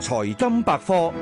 財金百科，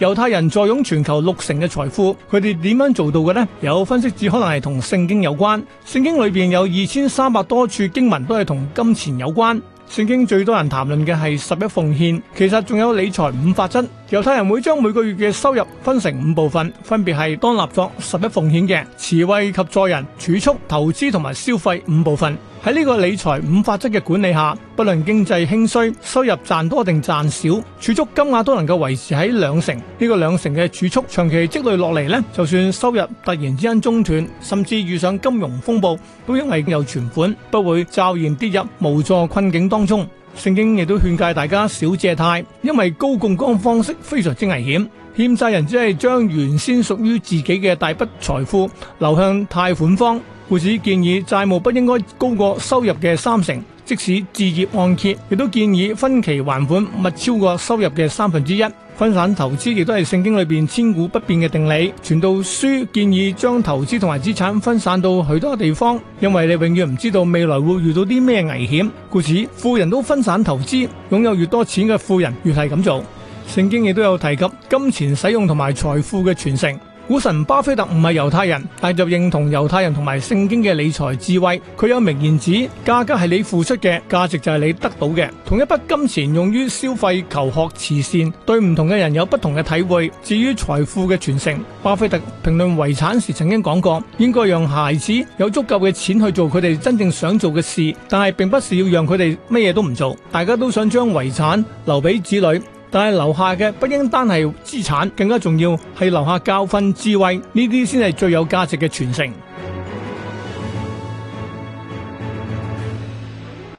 猶太人坐擁全球六成嘅財富，佢哋點樣做到嘅呢？有分析指可能係同聖經有關，聖經裏邊有二千三百多處經文都係同金錢有關。聖經最多人談論嘅係十一奉獻，其實仲有理財五法則。猶太人會將每個月嘅收入分成五部分，分別係當立作十一奉獻嘅、慈惠及助人、儲蓄、投資同埋消費五部分。喺呢個理財五法則嘅管理下，不論經濟興衰、收入賺多定賺少，儲蓄金額都能夠維持喺兩成。呢個兩成嘅儲蓄長期積累落嚟呢，就算收入突然之間中斷，甚至遇上金融風暴，都因為有存款，不會驟然跌入無助困境當中。聖經亦都勸誡大家少借貸，因為高槓桿方式非常之危險。欠債人只係將原先屬於自己嘅大筆財富流向貸款方。故此建議債務不應該高過收入嘅三成，即使置業按揭，亦都建議分期還款勿超過收入嘅三分之一。分散投資亦都係聖經裏邊千古不變嘅定理。傳道書建議將投資同埋資產分散到許多地方，因為你永遠唔知道未來會遇到啲咩危險。故此，富人都分散投資，擁有越多錢嘅富人越係咁做。聖經亦都有提及金錢使用同埋財富嘅傳承。股神巴菲特唔係猶太人，但就認同猶太人同埋聖經嘅理財智慧。佢有名言指：價格係你付出嘅，價值就係你得到嘅。同一筆金錢用於消費、求學、慈善，對唔同嘅人有不同嘅體會。至於財富嘅傳承，巴菲特評論遺產時曾經講過：應該讓孩子有足夠嘅錢去做佢哋真正想做嘅事，但係並不是要讓佢哋乜嘢都唔做。大家都想將遺產留俾子女。但係留下嘅不應單係資產，更加重要係留下教訓、智慧，呢啲先係最有價值嘅傳承。